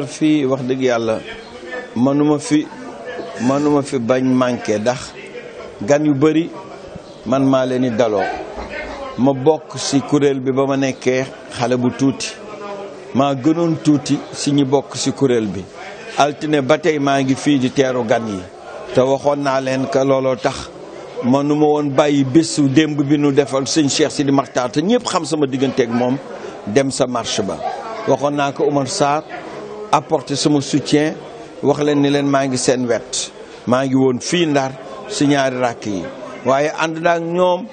fii wax dëgg yàlla manuma fi manuma fi bañ manqué ndax gan yu bari man maa leen di daloo ma bokk ci kuréel bi ba ma nekkee xale bu tuuti maa gënoon tuuti ci ñi bokk ci kuréel bi altine ba tey maa ngi fii di teeru gan yi te waxoon naa leen que looloo tax manuma woon bàyyi bésu démb bi nu defal sëñ Cheikh Sidi Makhtar te ñëpp xam sama diggante ak moom dem sa marche ba waxoon naa ko Omar Sarr apporter sama soutien wax leen ni leen maa ngi seen wet maa ngi woon fii Ndar si ñaari ràkk yi waaye ànd naa ñoom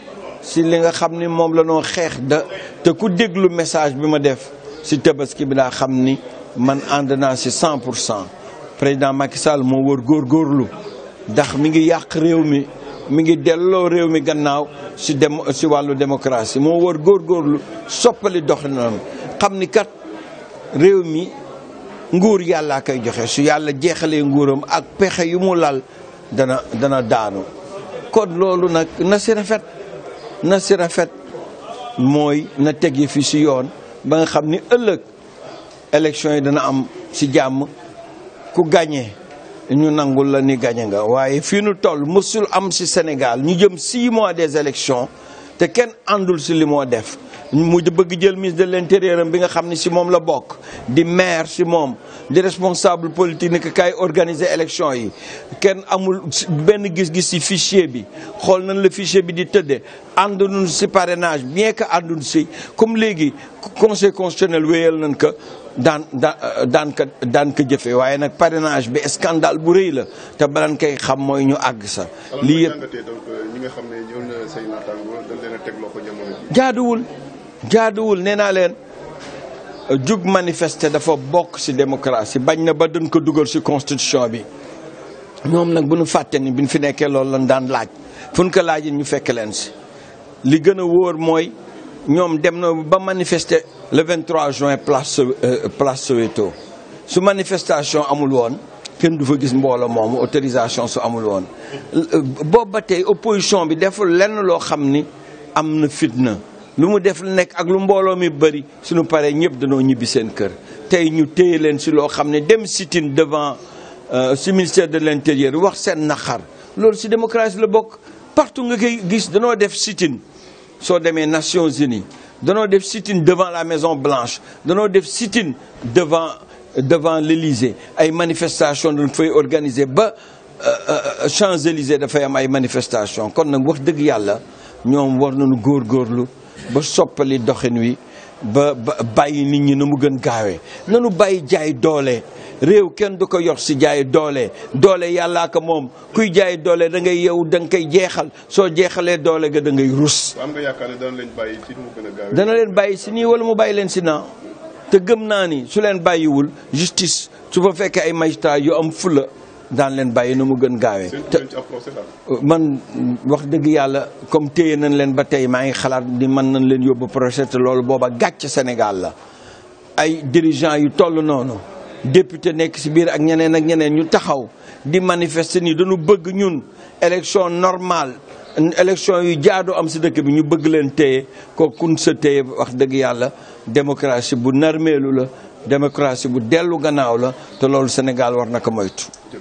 si li nga xam ni moom la noo xeex da te ku déglu message bi ma def si tabaski bi daa xam ni man ànd naa si 100 pour cent président Macky Sall moo wër góorgóorlu ndax mi ngi yàq réew mi mi ngi delloo réew mi gannaaw si dem si wàllu démocratie moo wër góorgóorlu soppali doxalinam xam ni kat réew mi. nguur yàllaa koy joxe su yàlla jeexalee nguuram ak pexe yu mu lal dana dana daanu kon loolu nag na si rafet na si rafet mooy na tege fi si yoon ba nga xam ni ëllëg élection yi dana am si jàmm ku gagné ñu nangul la ni gagné nga waaye fii nu toll mësul am si Sénégal ñu jëm six mois des élections te kenn àndul si li moo def mu bëgg jël ministre de l'intérieur bi nga xam ne si moom la bokk di maire si moom di responsable politique ni kay organiser élection yi kenn amul benn gis-gis si fichier bi xool nañ la fichier bi di tëdde ànduñu si parrainage bien que ànduñu si comme léegi conseil constitutionnel wéyal nañ ko daan daan ka daan ko jëfee waaye nag parrainage bi scandale bu rëy la te balan kay xam mooy ñu àgg sa lii yëpp euh, jaaduwul jaaduwul nee naa leen jug manifester dafa bokk ci démocratie bañ na ba duñ ko dugal ci constitution bi ñoom nag bu nu fàtte ni bi ñu fi nekkee loolu lañ daan laaj fu ñu ko laajee ñu fekk leen si li gën a wóor mooy ñoom dem na ba manifester le 23 juin place euh, place Soweto su manifestation amul woon kenn du fa gis mbooloo moomu autorisation su amul woon euh, boobu tey opposition bi deful lenn loo xam ni am na fitna. lu mu def lu nekk ak lu mbooloo mi bëri suñu paree ñëpp danoo ñibbi seen kër tey ñu téye leen si loo xam ne dem sit-in devant euh, si ministère de l'intérieur wax seen naqar loolu si démocratie la bokk partout nga koy gis danoo def sit soo demee Nations Unies danoo def sit-in devant la Maison Blanche danoo def sit-in devant devant l'Élysée ay manifestation dañ fay organiser ba euh, euh, Champs-Élysées dafay am ay manifestation kon nag wax dëgg yàlla ñoom war nañu góorgóorlu ba soppali doxin wi ba bàyyi nit ñi na mu gën gaawee nanu bàyyi jaay doole réew kenn du ko yor si jaay doole doole yàllaa ko moom kuy jaay doole da ngay yow da nga koy jeexal soo jeexalee doole ga da ngay rus. am yaakaar ne dana leen bàyyi si leen bàyyi si nii wala mu bàyyi leen si naa te gëm naa ni su leen bàyyiwul justice su fa fekkee ay magistrat yu am fula daan leen bàyyi nu mu gën gaawee. Euh, man wax dëgg yàlla comme téye nañ leen ba tey maa ngi xalaat di mën nañ leen yóbbu procès te loolu booba gàcc Sénégal la ay dirigeants yu toll noonu député nekk si biir ak ñeneen ak ñeneen ñu taxaw di manifeste nii dañu bëgg ñun élection normal élection yu jaadu am si dëkk bi ñu bëgg leen téye ko kun sa téye wax dëgg yàlla démocratie bu narmeelu la démocratie bu dellu gannaaw la te loolu Sénégal war na ko moytu